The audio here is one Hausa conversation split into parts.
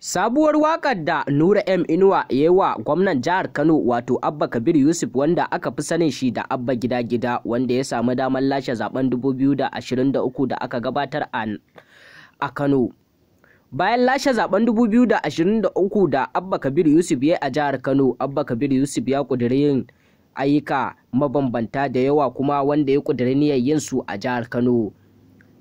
Sabuwar waƙar da Nura M Inuwa ya yi wa gwamnan jihar Kano wato Abba Kabir Yusuf wanda aka fi sanin shi da Abba Gida Gida wanda ya samu damar lashe zaben 2023 da aka gabatar a Kano. Bayan lashe zaben 2023 da Abba Kabir Yusuf ya yi a jihar Kano, Abba Kabir Yusuf ya ƙudiri yin ayyuka mabambanta da yawa kuma wanda ya ƙudiri niyyar yin su a jihar Kano.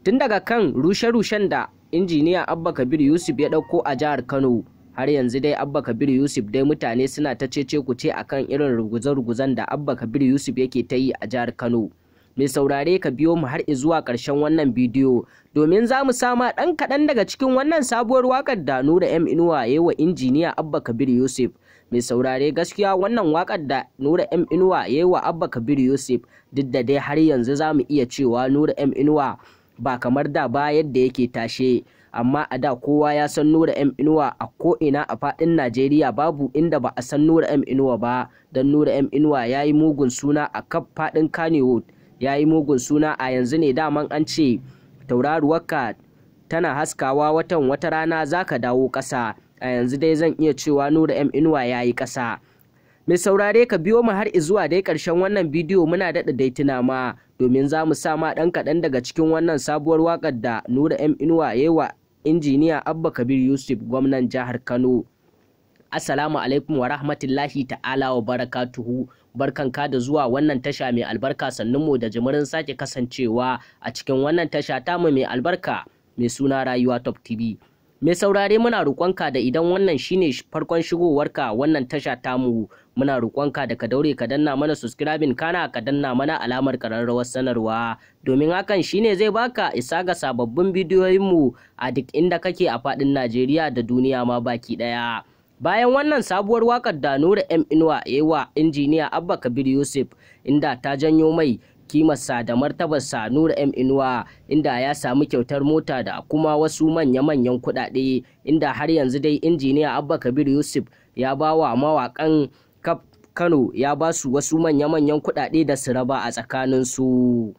Tun daga kan rushe-rushen da injiniya abba kabir yusuf ya ɗauko a jihar kano har yanzu dai abba kabir yusuf dai mutane suna ta cece ku ce akan irin ruguze-ruguzen da abba kabir yusuf yake ta yi a jihar kano mai saurare ka biyo mu har zuwa ƙarshen wannan bidiyo domin za mu sama ɗan kaɗan daga cikin wannan sabuwar wakar da nura m inuwa ya yi wa injiniya abba kabir yusuf mai saurare gaskiya wannan wakar da nura m inuwa ya yi wa abba kabir yusuf duk da dai har yanzu za mu iya cewa nura m inuwa ba kamar da ba yadda yake tashe amma a da kowa ya san nura yan inuwa a ko'ina a faɗin najeriya babu inda ba a san nura m inuwa ba don nura m inuwa ya yi mugun suna a kaf faɗin kanewood ya yi mugun suna a yanzu ne daman an ce tauraruwarka tana haskawa watan wata rana za ka dawo ƙasa a yanzu dai zan iya cewa nura m inuwa ya yi ƙasa Mai saurare ka biyo mu har zuwa dai ƙarshen wannan bidiyo muna daɗa tuna ma domin za mu sa ma ɗan kaɗan daga cikin wannan sabuwar wakar da Nura M Inuwa ya yi wa injiniya Abba Kabir Yusuf gwamnan jihar Kano. Assalamu alaikum wa rahmatullahi ta'ala wa barakatuhu ka da zuwa wannan tasha mai albarka mu da jimirin sake kasancewa a cikin wannan tasha tamu mai albarka mai suna rayuwa top tv Mai saurare muna roƙonka da idan wannan shine farkon shigowarka wannan tasha tamu muna roƙonka da ka daure ka danna mana subscribing kana ka danna mana alamar ƙararrawar sanarwa domin hakan shine zai baka isa ga sababbin bidiyoyinmu a duk inda kake a faɗin Najeriya da duniya ma baki ɗaya. Bayan wannan sabuwar wakar da Nura M Inuwa Ewa injiniya Abba Kabir Yusuf inda ta janyo mai kimarsa da martabarsa Nura M Inuwa inda ya samu kyautar mota da kuma wasu manya-manyan kuɗaɗe inda har yanzu dai injiniya Abba Kabir Yusuf ya ba wa mawaƙan Kano ya ba su wasu manya-manyan kuɗaɗe da su raba a su.